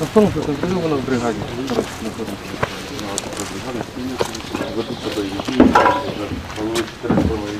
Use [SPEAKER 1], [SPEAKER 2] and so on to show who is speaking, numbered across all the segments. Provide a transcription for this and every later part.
[SPEAKER 1] На Автомобіль контрольовано в бригаді. Ведуться до її голови 4,5.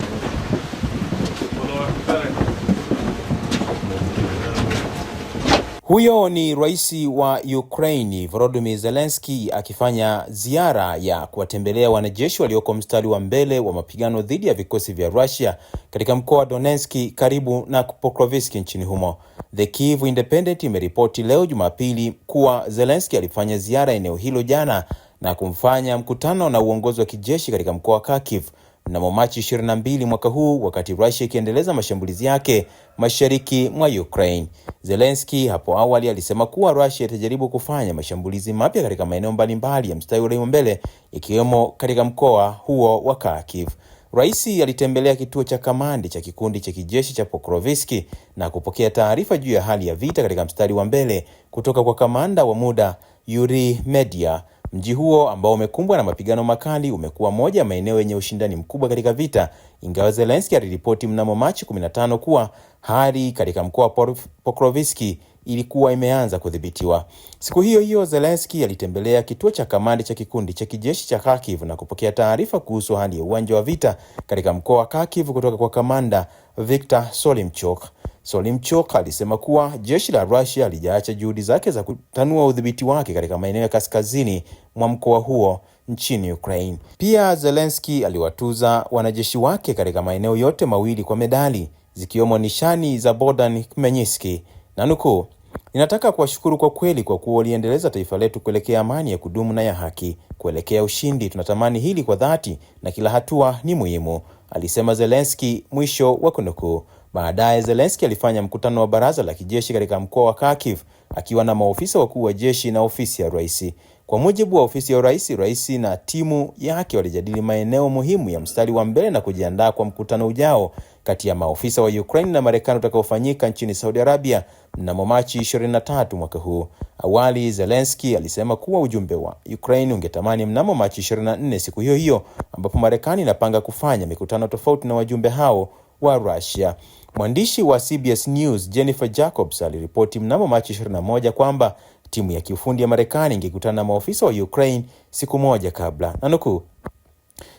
[SPEAKER 1] Huyo ni rais wa Ukraini Volodymyr Zelensky akifanya ziara ya kuwatembelea wanajeshi walioko mstari wa mbele wa mapigano dhidi ya vikosi vya Russia katika mkoa wa Donetsk karibu na Pokrovsk nchini humo. The Kyiv Independent imeripoti leo Jumapili kuwa Zelensky alifanya ziara eneo hilo jana na kumfanya mkutano na uongozi wa kijeshi katika mkoa wa Kharkiv mnamo Machi 22 mwaka huu, wakati Russia ikiendeleza mashambulizi yake mashariki mwa Ukraine. Zelensky hapo awali alisema kuwa Russia itajaribu kufanya mashambulizi mapya katika maeneo mbalimbali ya mstari ulio mbele, ikiwemo katika mkoa huo wa Kharkiv. Rais alitembelea kituo cha kamandi cha kikundi cha kijeshi cha Pokrovsk na kupokea taarifa juu ya hali ya vita katika mstari wa mbele kutoka kwa kamanda wa muda Yuri Media. Mji huo ambao umekumbwa na mapigano makali umekuwa moja ya maeneo yenye ushindani mkubwa katika vita, ingawa zelenski aliripoti mnamo Machi 15 kuwa hali katika mkoa wa Pokrovsk ilikuwa imeanza kudhibitiwa. Siku hiyo hiyo, zelenski alitembelea kituo cha kamandi cha kikundi cha kijeshi cha Kharkiv na kupokea taarifa kuhusu hali ya uwanja wa vita katika mkoa wa Kharkiv kutoka kwa kamanda Viktor Solimchuk. Salim alisema kuwa jeshi la Russia alijaacha juhudi zake za kutanua udhibiti wake katika maeneo ya kaskazini mwa mkoa huo nchini Ukraine. Pia Zelensky aliwatuza wanajeshi wake katika maeneo yote mawili kwa medali zikiwemo nishani za Bogdan Khmelnytsky na nukuu, ninataka kuwashukuru kwa kweli kwa kuwa waliendeleza taifa letu kuelekea amani ya kudumu na ya haki, kuelekea ushindi. Tunatamani hili kwa dhati na kila hatua ni muhimu, alisema Zelensky, mwisho wa kunukuu. Baadaye Zelensky alifanya mkutano wa baraza la kijeshi katika mkoa wa Kharkiv akiwa na maofisa wakuu wa jeshi na ofisi ya rais. Kwa mujibu wa ofisi ya rais, rais na timu yake walijadili maeneo muhimu ya mstari wa mbele na kujiandaa kwa mkutano ujao kati ya maofisa wa Ukraine na Marekani utakaofanyika nchini Saudi Arabia mnamo Machi 23 mwaka huu. Awali, Zelensky alisema kuwa ujumbe wa Ukraine ungetamani mnamo Machi 24, siku hiyo hiyo ambapo Marekani inapanga kufanya mikutano tofauti na wajumbe hao wa Russia. Mwandishi wa CBS News Jennifer Jacobs aliripoti mnamo Machi 21 kwamba timu ya kiufundi ya Marekani ingekutana na maofisa wa Ukraine siku moja kabla, na nukuu,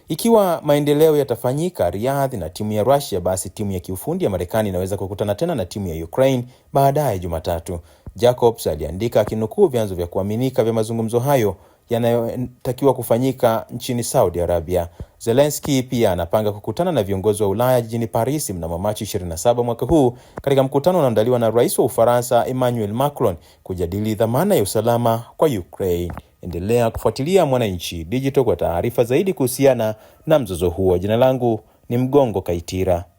[SPEAKER 1] ikiwa maendeleo yatafanyika Riyadh na timu ya Russia, basi timu ya kiufundi ya Marekani inaweza kukutana tena na timu ya Ukraine baadaye Jumatatu, Jacobs aliandika akinukuu vyanzo vya kuaminika vya mazungumzo hayo yanayotakiwa kufanyika nchini Saudi Arabia. zelenski pia anapanga kukutana na viongozi wa Ulaya jijini Paris mnamo Machi 27 mwaka huu katika mkutano unaoandaliwa na Rais wa Ufaransa Emmanuel Macron kujadili dhamana ya usalama kwa Ukraine. Endelea kufuatilia Mwananchi Digital kwa taarifa zaidi kuhusiana na mzozo huo. Jina langu ni Mgongo Kaitira.